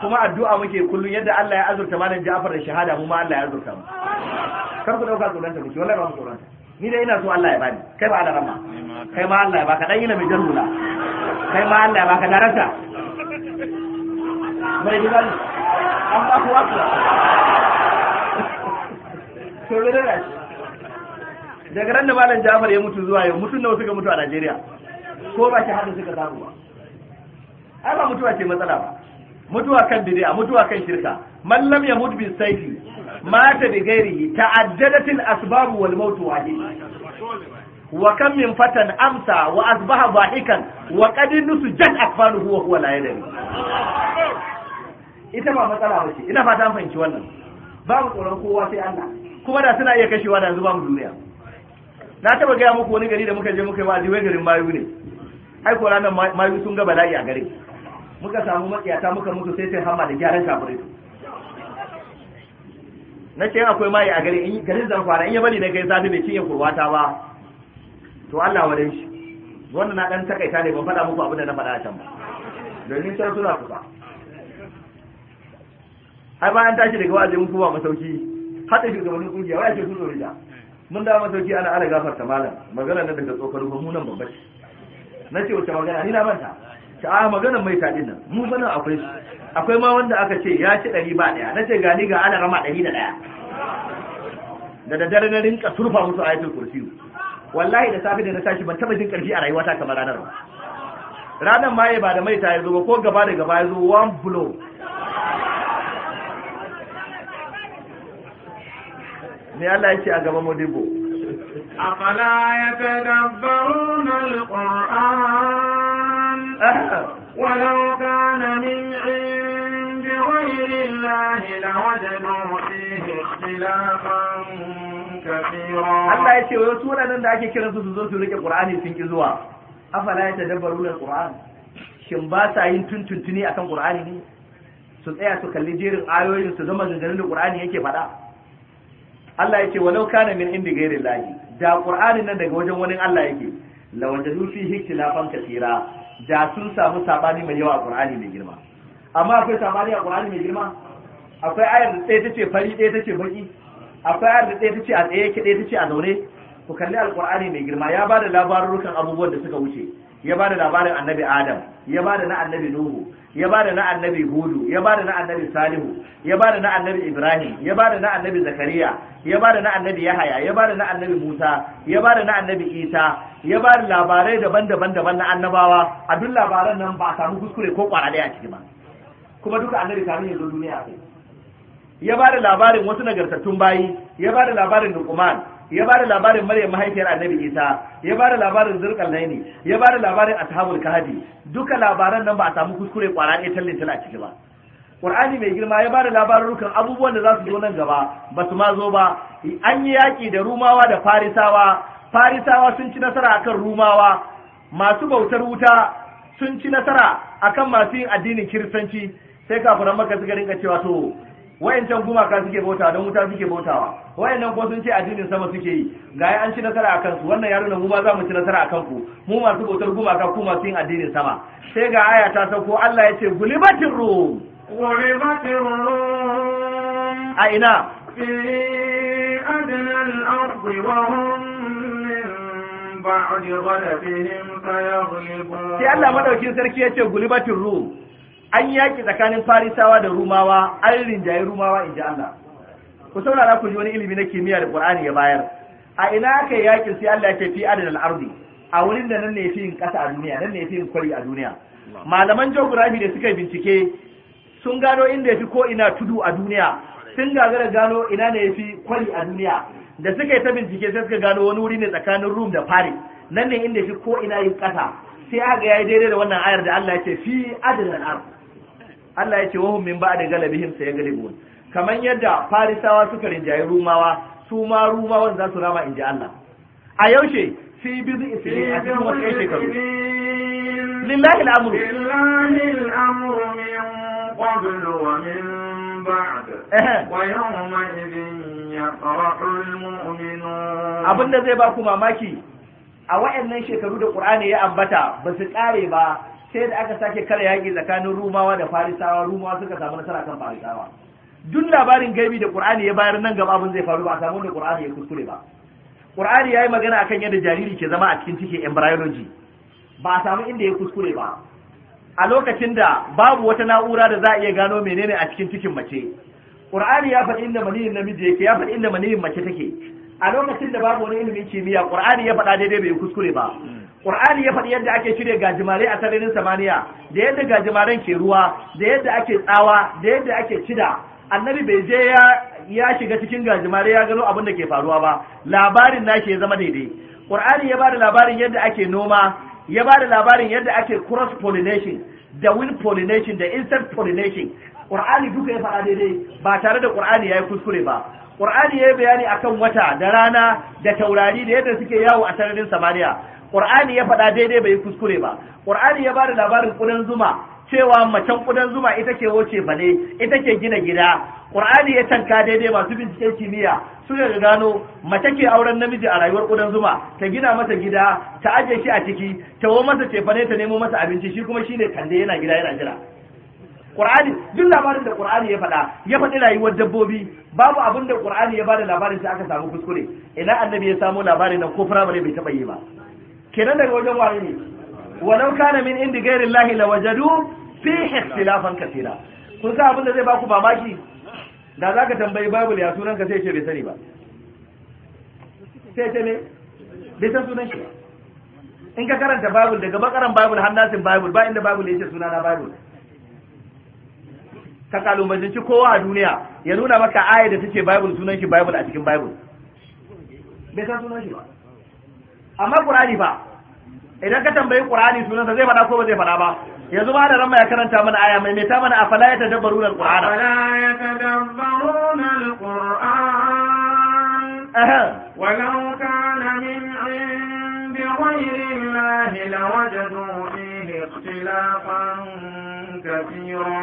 kuma addu'a muke kullum yadda Allah ya azurta malam Ja'far da shahada mu ma Allah ya azurta mu kar ku dauka tsoron ta muke wallahi ba mu tsoron ta ni dai ina so Allah ya bani kai ba da ramma kai ma Allah ya baka dan yana mai jarula kai ma Allah ya baka darasa mai gidan an ba ku wasu to da rashi daga ran da malam Ja'far ya mutu zuwa yau mutun nawa suka mutu a Najeriya ko ba shahada suka samu ba ai ba mutuwa ce matsala ba mutuwa kan bid'a mutuwa kan shirka man lam yamut bi sayfi mata bi ghairihi ta'addadat al-asbab wal maut wahid wa kam min fatan amsa wa asbaha dhahikan wa qad nusjat akfanuhu wa huwa la yadri ita ba matsala ba ce ina fata an fahimci wannan babu tsoron kowa sai Allah kuma da suna iya kashewa da yanzu ba mu duniya na taba gaya muku wani gari da muka je muka yi wa'azi wai garin mayu ne ai ko ranar mayu sun ga bala'i a garin muka samu makiyata muka mutu sai sai hamma da gyaran su na ce akwai mai a gari in garin fara in ya bari da kai zafi bai cinye kurwata ba to Allah wa shi wannan na dan takaita ne ban fada muku abin da na fada can ba domin sai suna kusa ai bayan tashi daga waje mun kuma masauki hada wani kungiya wai ake tuzo rija mun da masauki ana ana gafarta malam magana na daga tsokar mu nan babba ce nace wace magana ni na manta ci a maganar mai taɗin nan mu sana akwai su akwai ma wanda aka ce ya ci ɗari ba ɗaya na ce gani ga ana rama ɗari da ɗaya da daddare na rinka surfa musu yakin kursiyu wallahi da safe da na tashi ban taɓa jin ƙarfi a rayuwata kamar ranar ba ranar maye ba da mai ta ya zo ko gaba da gaba ya zo one blow ne Allah ya ce a gaba modibo afala yatadabbaruna alquran ولو كان من عند غير الله لوجدوا فيه اختلافا كثيرا الله يتي ويسونا نن da ake kiran su su zo su rike Qur'ani sun ki zuwa afala ya tadabbaru da Qur'an shin ba sa yin tuntuntuni akan Qur'ani ne su tsaya su kalli jerin ayoyin su zama ganganin da Qur'ani yake faɗa Allah wa walau kana min indi ghairi lahi da Qur'anin nan daga wajen wani Allah yake lawajadu fihi ikhtilafan kathira da sun samu sabani mai yawa a Qur'ani mai girma amma akwai sabani a Qur'ani mai girma akwai ayar da ɗaya tace fari ɗaya tace baki akwai ayar da ɗaya tace a tsaye yake ɗaya tace a zaune ku kalli Alƙur'ani mai girma ya bada labarurukan abubuwan da suka wuce ya bada labarin annabi adam ya bada na annabi nuhu ya ba da na annabi hudu ya ba da na annabi salihu ya ba da na annabi ibrahim ya ba da na annabi zakariya ya ba da na annabi yahaya ya ba da na annabi musa ya ba da na annabi isa ya ba da labarai daban-daban daban na annabawa a duk labaran nan ba a samu kuskure ko kwara a ciki ba kuma duka annabi kamin ya zo duniya ya ba da labarin wasu nagartattun bayi ya ba da labarin luqman ya bada labarin maryam mahaifiyar annabi isa ya bada labarin Laini. ya bada labarin ashabul Kahadi. duka labaran nan ba a samu kuskure kwara ne tallin tana ciki ba qur'ani mai girma ya bada rukan abubuwan da za su zo nan gaba ba su ma zo ba an yi yaƙi da rumawa da farisawa farisawa sun ci nasara akan rumawa masu bautar wuta sun ci nasara akan masu yin addinin kiristanci sai kafiran maka suka rinka cewa to wayancan gumaka suke bauta don wuta suke bautawa wayannan ko sun ce addinin sama suke yi ga yi an ci nasara a kansu wannan yaro mu ma za mu ci nasara a kanku mu masu bautar gumaka ku masu yin addinin sama sai ga aya ta sauko Allah ya ce gulibatin rum gulibatin rum a ina fi adna al-ard wa hum min ba'di ghalabihim fayaghlibun sai Allah madaukin sarki ya ce gulibatin rum an yaki tsakanin farisawa da rumawa an rinjaye rumawa in ji Allah ku saurara ku ji wani ilimi na kimiyya da qur'ani ya bayar a ina aka yi yakin sai Allah ya ce fi al ardi a wurin da nan ne fi yin kasa a duniya nan ne fi yin kwari a duniya malaman geography da suka bincike sun gano inda yafi ko ina tudu a duniya sun gagara gano ina ne yafi kwari a duniya da suka yi ta bincike sai suka gano wani wuri ne tsakanin Rum da Paris nan ne inda yafi ko ina yin kasa sai aka yayi daidai da wannan ayar da Allah ya ce fi al ardi Allah ya ce wahum min ba'da galabihim sayaglibun kaman yadda farisawa suka rinjaye rumawa su ma rumawan za su rama inji Allah a yaushe fi bizu isri a cikin wasu shekaru lillahi al'amru lillahi al'amru min qabl wa min ba'd wa yawma idhin yafrahu al-mu'minun abinda zai ba ku mamaki a wa'annan shekaru da Qur'ani ya ambata ba su kare ba sai da aka sake kare yaƙi tsakanin rumawa da farisawa rumawa suka samu nasara kan farisawa duk labarin gaibi da qur'ani ya bayar nan gaba abin zai faru ba a samu da qur'ani ya kuskure ba qur'ani yayi magana akan yadda jariri ke zama a cikin ciki embryology ba samu inda ya kuskure ba a lokacin da babu wata na'ura da za a iya gano menene a cikin cikin mace qur'ani ya faɗi inda maniyin namiji yake ya faɗi inda maniyin mace take a lokacin da babu wani ilimin kimiyya qur'ani ya faɗa daidai bai kuskure ba Qur'ani ya faɗi yadda ake cire gajimare a sararin samaniya da yadda gajimaren ke ruwa da yadda ake tsawa da yadda ake cida annabi bai je ya shiga cikin gajimare ya gano abin da ke faruwa ba labarin nashi ya zama daidai Qur'ani ya bada labarin yadda ake noma ya bada labarin yadda ake cross pollination da wind pollination da insect pollination Qur'ani duka ya faɗa daidai ba tare da Qur'ani ya yi kuskure ba Qur'ani ya yi bayani akan wata da rana da taurari da yadda suke yawo a sararin samaniya qur'ani ya faɗa daidai bai kuskure ba qur'ani ya bada labarin kudan zuma cewa macen ƙudan zuma ita ke wuce bale ita ke gina gida qur'ani ya tanka daidai masu binciken kimiyya suka ga gano mace ke auren namiji a rayuwar kudan zuma ta gina masa gida ta ajiye shi a ciki ta wo masa cefane ta nemo masa abinci shi kuma shine kande yana gida yana jira Qur'ani duk labarin da Qur'ani ya faɗa ya faɗi rayuwar dabbobi babu abin da Qur'ani ya bada labarin sai aka samu kuskure ina annabi ya samu labarin nan ko firamare bai taɓa yi ba kenan daga wajen waye ne walau kana min indi lahi la wajadu fi ikhtilafan katira kun sa abin da zai baku mamaki da zaka tambayi bible ya sunan ka sai ce bai sani ba sai ce ne bai san sunan shi ba in ka karanta bible daga bakaran bible har nasin bible ba inda bible yake sunana bible ka kalubalanci kowa a duniya ya nuna maka aya da take bible sunan shi bible a cikin bible bai san sunan shi ba amma qur'ani fa idan ka tambayi qur'ani sunansa zai faɗa ko ba zai faɗa ba yanzu ba da ran ya karanta mana aya mai mai ta mana a fala ya tadabbaruna alqur'ana afala ya tadabbaruna alqur'an walau kana min indi ghayri allahi lawajadu fihi ikhtilafan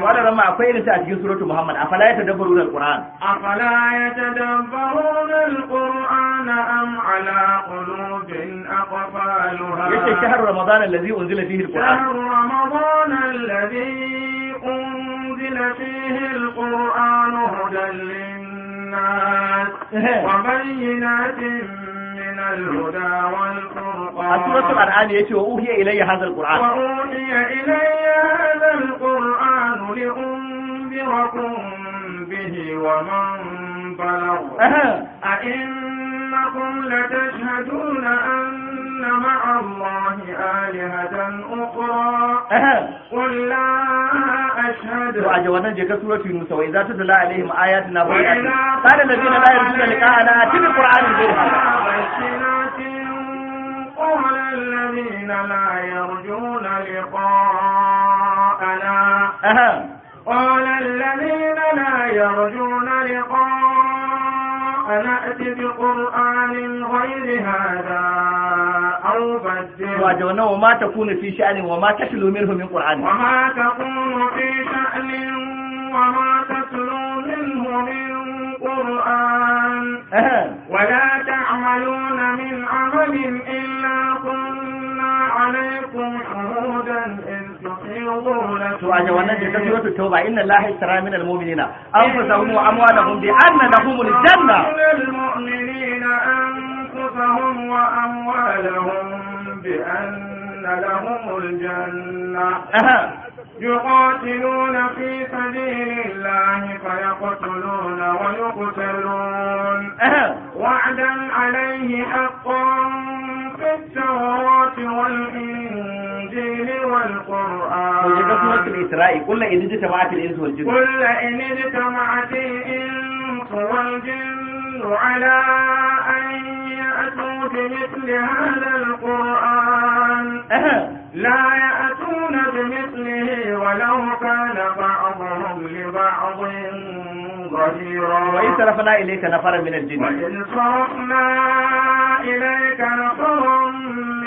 wadda rama akwai irin ta a cikin suratul muhammad a fala ya tadabbaru da alquran fala ya tadabbaru da alquran am ala qulubin أقالها شهر رمضان الذي أنزل فيه القرآن شهر رمضان الذي أنزل فيه القرآن هدى للناس إيه. وبينات من الهدى والقرآن سورة الأنعام يتي وأوحي إلي هذا القرآن وأوحي إلي هذا القرآن لأنذركم به ومن بلغ أئنكم لتشهدون أن مع الله آلهة أخرى قل لا أشهد وأجوانا جاك سورة يونس وإذا تتلى عليهم آياتنا بينات قال الذين لا يرجون لقاءنا آتي بالقرآن غير قال الذين لا يرجون لقاءنا قال الذين لا يرجون لقاءنا فنأتي بقرآن غير هذا أو بدل وجونا وما تكون في شأن وما تتلو منه من قرآن وما تكون في شأن وما تتلو منه من قرآن ولا تعملون من عمل إلا كنا عليكم حمودا wajen wannan da ta biyo ta tauba inna lahi tara min almu'minina anfusahum wa amwalahum bi anna lahum aljanna anfusahum wa amwalahum bi anna lahum aljanna يقاتلون في سبيل الله فيقتلون ويقتلون وعدا عليه حقا في التوراة والإنجيل yanzu suratul isra'i kullu in ijtama'at al-insu wal jinnu kullu in ijtama'at al-insu wal jinnu ala an ya'tu bi mithli hadha al ظهيرا وإن صرفنا إليك نفرا من الجن وإن صرفنا إليك نفرا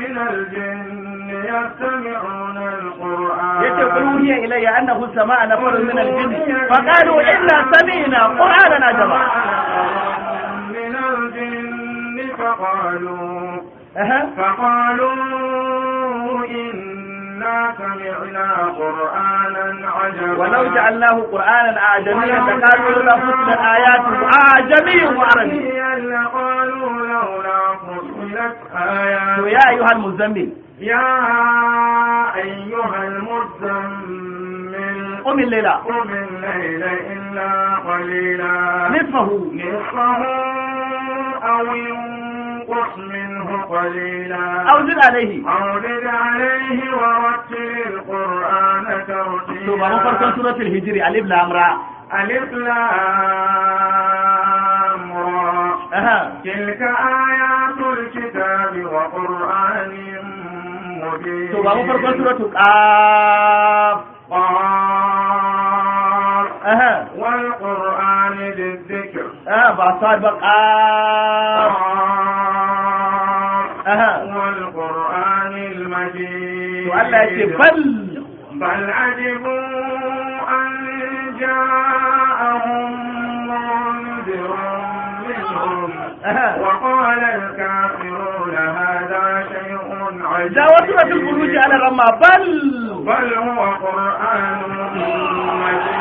من الجن يستمعون القرآن هي إلي أنه سماع نفر من الجن فقالوا إنا سمعنا قرآنا عجبا من الجن فقالوا فقالوا إنا سمعنا قرآنا عجبا ولو جعلناه قرآنا أعجميا لقالوا لنا فتن آياته أعجمي وعربي لقالوا لولا يا أيها المزمل يا أيها المزمل قم الليلة قم الليلة إلا قليلا نصفه نصفه أو ينقص منه قليلا أو زد عليه أو زد عليه ورتل القرآن ترتيلا سورة الهجر ألف لامرأ ألف تلك آيات الكتاب وقرآن مبين سورة أه والقرآن ذي اه بعصار بقاف أه والقرآن المجيد والله بل بل عجبوا جاءهم منذر منهم وقال الكافرون هذا شيء عجيب لا وصلت الخروج على الرمى بل بل هو قرآن مجيد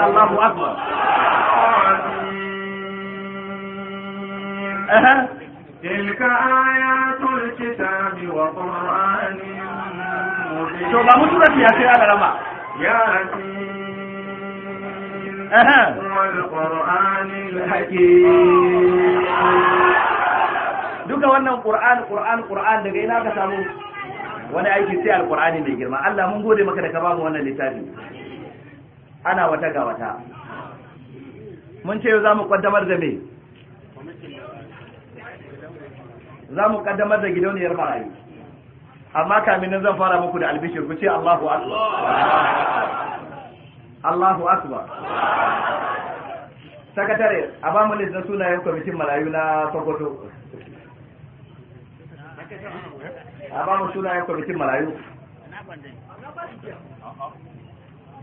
الله أكبر تلك آيات الكتاب وقرآن to ga mu surati ya sai ala rama ya duka wannan qur'an qur'an qur'an daga ina ka samu wani aiki sai Alƙur'ani mai girma Allah mun gode maka da ka bamu wannan littafi ana wata ga wata mun ce za mu kaddamar da me za mu kaddamar da gidauniyar marayu amma kamin nan zan fara muku da albishir ku ce Allahu akbar Allahu akbar sakatare a ba mu lissa sunayen kwamitin malayu na Sokoto a ba mu sunayen kwamitin malayu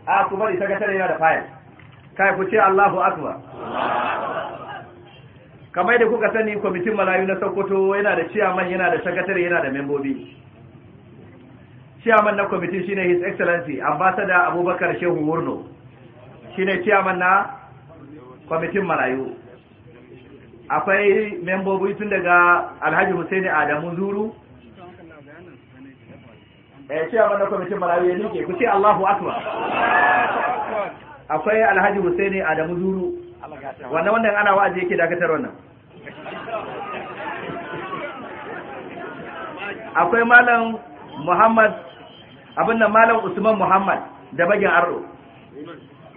a ku bari sakatare yana da fayil kai ku ce Allahu akbar kamar da kuka sani kwamitin malayu na Sokoto yana da ciyaman yana da sakatare yana da membobi ciyaman na kwamitin shine his excellency ambassador abubakar shehu Wurno shine ciyaman na kwamitin marayu akwai membobi tun daga alhaji husaini adamu zuru eh ciyaman na kwamitin marayu ya nike ku ce allahu akbar akwai alhaji husaini adamu zuru wannan wannan ana wa'azi yake dakatar wannan akwai malam muhammad abin nan malam usman muhammad da bagin arro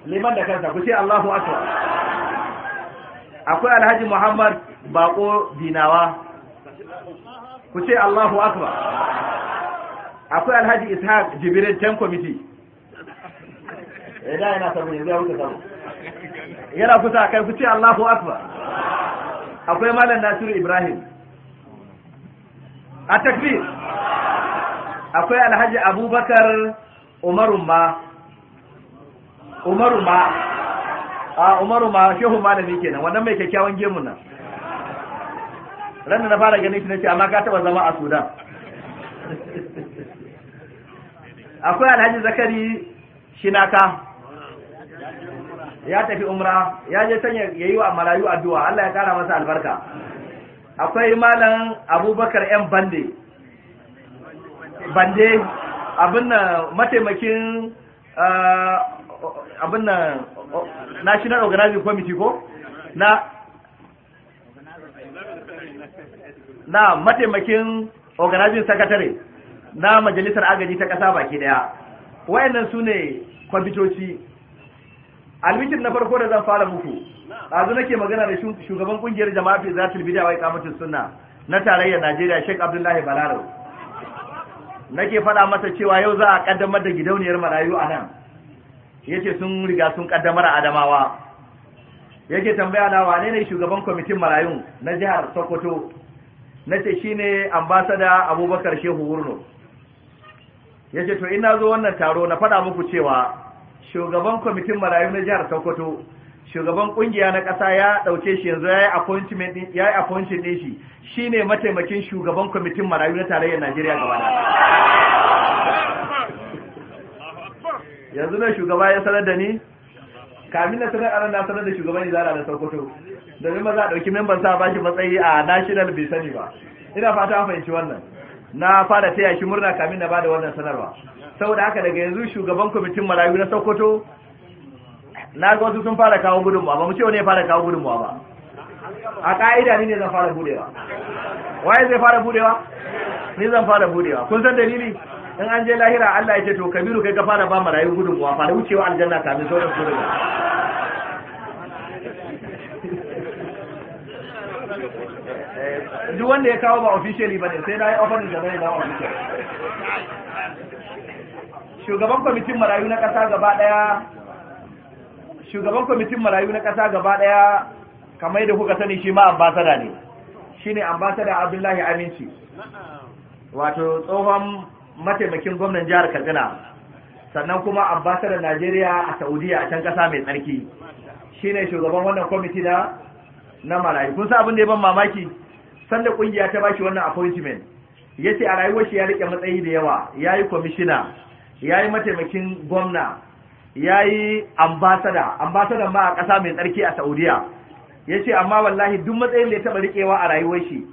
liman da kansa ku ce allahu akbar akwai alhaji muhammad bako dinawa ku ce allahu akbar akwai alhaji ishaq jibirin ten committee idan eh, yana samu yanzu ya wuce yana kusa kai ku ce allahu akbar akwai malam nasiru ibrahim a takbir akwai alhaji abubakar Umaruma, a shehu malami kenan wannan mai kyakkyawan gemu nan Randa na fara ganin shi na ce amma ka taba zama a sudan akwai alhaji zakari shinaka ya tafi umra ya je can ya yi wa marayu addu'a Allah ya kara masa albarka akwai malam abubakar yan bande bande abin nan mataimakin ah, abin nan national organizing committee ko na na mataimakin organizing secretary na majalisar agaji ta kasa baki daya wayannan su ne kwamfitoci almitin na farko da zan fara muku ɗazu nake magana da shugaban kungiyar jama'a fi zatul bidawa wa iqamatus sunna na tarayyar Najeriya Sheikh Abdullahi balarau nake faɗa masa cewa yau za a ƙaddamar da gidauniyar marayu a nan yace sun riga sun kaddamar adamawa yake tambaya na wane ne shugaban kwamitin Marayu na jihar sokoto na ce shi ne ambasada abubakar shehu wurno ya to ina zo wannan taro na faɗa muku cewa shugaban kwamitin marayu na jihar sokoto shugaban kungiya na ƙasa ya ɗauke shi yanzu ya yi appointment ya yi appointment shi shine mataimakin shugaban kwamitin marayu na tarayyar Najeriya gaba da yanzu ne shugaba ya sanar da ni kamin na sanar aran na sanar da shugaban Izala na Sokoto domin ba za a ɗauki memban sa ba shi matsayi a national bai sani ba ina fata an fahimci wannan na fara taya shi murna kamin na bada wannan sanarwa saboda haka daga yanzu shugaban kwamitin marayu na Sokoto na ga wasu sun fara kawo gudunmuwa ba mu ce wani ya fara kawo gudunmuwa ba a ka'ida ni ne zan fara budewa waye zai fara budewa ni zan fara budewa kun san dalili in an je lahira Allah ya ce to kabiru kai ka fara ba marayu gudunmuwa fara wucewa aljanna kamin sauran su eh, duk wanda ya kawo ba officially bane sai na yi ofanin da zai na official shugaban kwamitin marayu na kasa gaba daya shugaban kwamitin marayu na ƙasa gaba ɗaya kamar da kuka sani shi ma ambasada ne shi ne ambasada abdullahi aminci wato tsohon mataimakin gwamnan jihar katsina sannan kuma ambasadar najeriya a saudiya a can ƙasa mai tsarki shi ne shugaban wannan kwamiti na na marayu kun sa abin da ya ban mamaki sanda ƙungiya ta bashi wannan appointment ya ce a rayuwar shi ya riƙe matsayi da yawa ya yi kwamishina ya yi mataimakin gwamna ya yi ambasada Ambasada ma a ƙasa mai tsarki a saudiya ya ce amma wallahi duk matsayin da ya taɓa riƙewa a rayuwar shi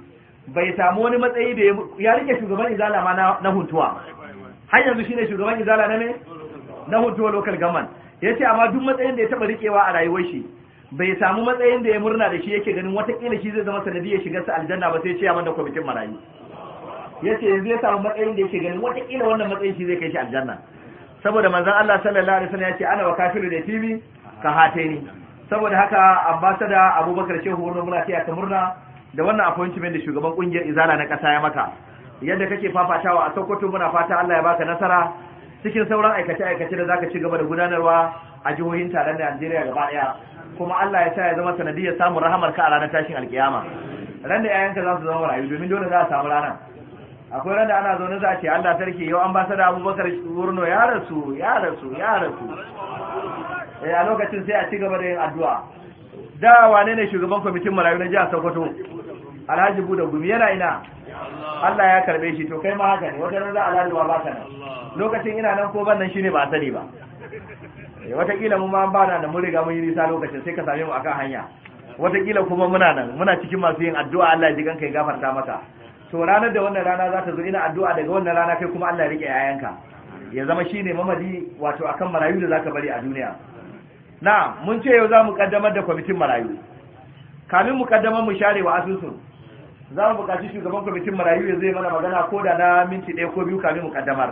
bai samu wani matsayi da ya riƙe shugaban izala ma na huntuwa har yanzu shine shugaban izala na ne na huntuwa local government ya ce amma duk matsayin da ya taɓa riƙewa a rayuwar shi bai samu matsayin da ya murna da shi yake ganin watakila shi zai zama sanadiyar shigar sa aljanna ba sai ya da kwamitin marayu ya ce yanzu ya samu matsayin da yake ganin watakila wannan matsayin shi zai kai shi aljanna saboda manzan Allah sallallahu alaihi wasallam ya ce ana wa kafiru da tibi ka hate ni. saboda haka ambassador Abubakar Shehu Borno muna taya ka murna da wannan appointment da shugaban kungiyar Izala na kasa ya maka yadda kake fafatawa a Sokoto muna fata Allah ya baka nasara cikin sauran aikace aikace da zaka ci gaba da gudanarwa a jihohin taron Najeriya gaba daya kuma Allah ya sa ya zama sanadiyar samun rahamar ka a ranar tashin alkiyama ran da yayanka za su zama rayu domin dole za a samu rana. akwai randa ana zaune za a ce Allah sarki yau an ba sada abubakar wurno ya rasu ya rasu ya rasu eh, a lokacin sai a ci gaba da yin addu'a da wane ne shugaban kwamitin marayu na jihar Sokoto Alhaji Buda Gumi yana ina Allah ya karbe shi to kai ma haka ne wata ran za a laluwa baka nan lokacin ina nan ko ban nan shine ba sani ba eh, watakila mu ma ba da mun riga mun yi nisa lokacin sai ka same mu akan hanya watakila kuma muna nan muna cikin masu yin addu'a Allah ya ji kanka ya gafarta masa to ranar da wannan rana za ta zo ina addu'a daga wannan rana kai kuma Allah ya rike yayanka ya zama shine mamadi wato akan marayu da zaka bari a duniya na mun ce yau za mu kaddamar da kwamitin marayu kamin mu kaddamar mu share wa asusun za mu buƙaci shugaban kwamitin marayu ya zai mana magana ko da na minti ɗaya ko biyu kamin mu kaddamar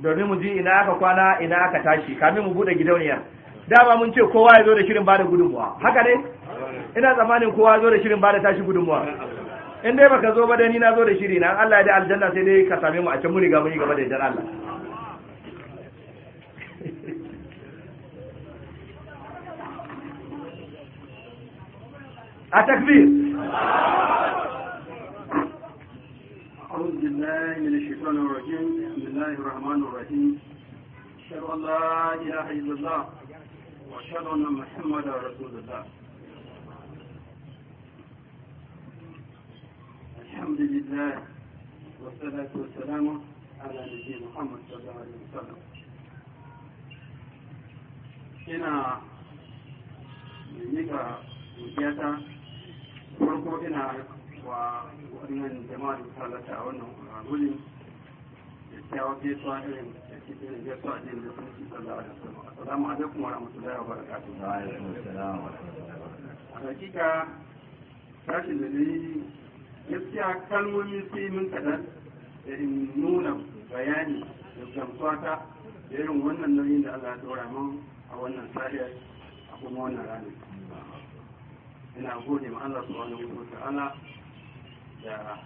domin mu ji ina aka kwana ina aka tashi kamin mu buɗe gidauniyar dama mun ce kowa ya zo da shirin bada gudunmuwa haka ne ina tsammanin kowa ya zo da shirin bada tashi gudunmuwa in dai baka zo ba dai ni na zo da shiri na Allah ya da aljanna sai dai ka same mu a can riga ga yi gaba da jar Allah a takbir أعوذ بالله من الشيطان الرجيم بسم الله الرحمن الرحيم أشهد أن لا إله إلا الله وأشهد أن محمدا الحمد لله والصلاة والسلام على نبي محمد صلى الله عليه وسلم ina mika mutiyata farko ina wa wannan jama'ar misalata a wannan wuri da kyawar gaisuwa irin da cikin gaisuwa din da sun ci sallah da sallama assalamu alaikum wa rahmatullahi wa barakatuh wa alaikum assalam wa rahmatullahi wa barakatuh a hakika sashin da ne gaskiya kalmomi su yi min kaɗan da eh, nuna bayani da gamsuwa da irin wannan nauyin da Allah ya ɗora min a wannan sa'iyar a kuma wannan ranar ina gode ma Allah su subhanahu wuce ta'ala da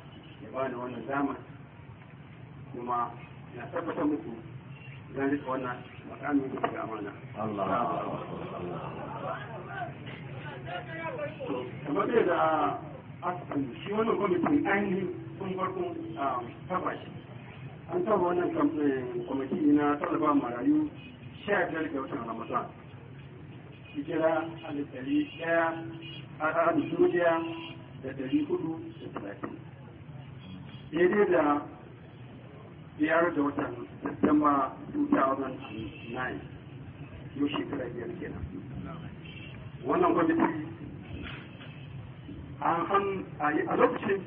ya bani wannan dama kuma na tabbata muku zan rika wannan makamin da ga amana Allah kamar da shi wannan kwamitin ainihin sun farko ah, taba shi an taba wannan eh, kwamiti na talaba marayu sha biyar ga watan ramadan hijira alifari daya a ɗarin duniya da dari hudu da talatin daidai da biyar da watan septemba 2009 yau shekara biyar kenan wannan kwamiti a lokacin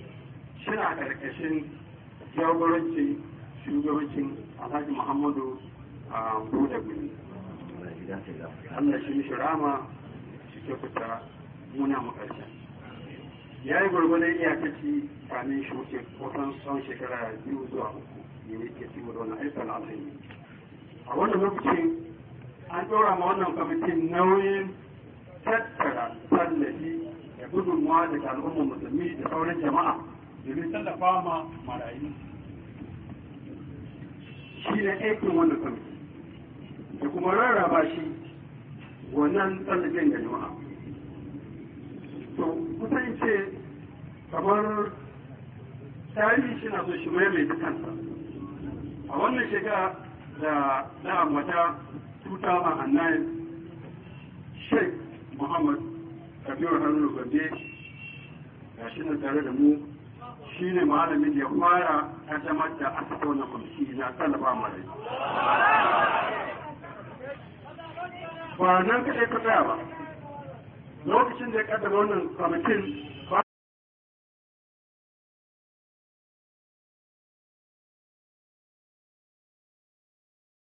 shina ƙarƙashin jagorancin shugabancin alhaji muhammadu a buɗe guri allah shi mishi rama shi ke fita muna makarsa ya yi gwargwadon iyakaci kamin wuce kusan son shekara biyu zuwa uku ne yake cikin wannan aikin alhaji a wannan lokacin an ɗora ma wannan kwamitin nauyin tattara tallafi da gudunmuwa daga al'ummar musulmi da sauran jama'a domin tallafa ma marayu shi ne aikin wannan kwamiti da kuma rarraba shi wannan tallafin da jama'a to kusan ce kamar tarihi shi na so shi mai kansa a wannan shekara da na ambata 2009 sheikh muhammad kabiru hannu gwade ga shi na tare da mu shi ne malamin ya fara zama da aka na kwamfi na tsallafa mara ba nan kaɗai ka ba lokacin da ya kaddama wannan kwamitin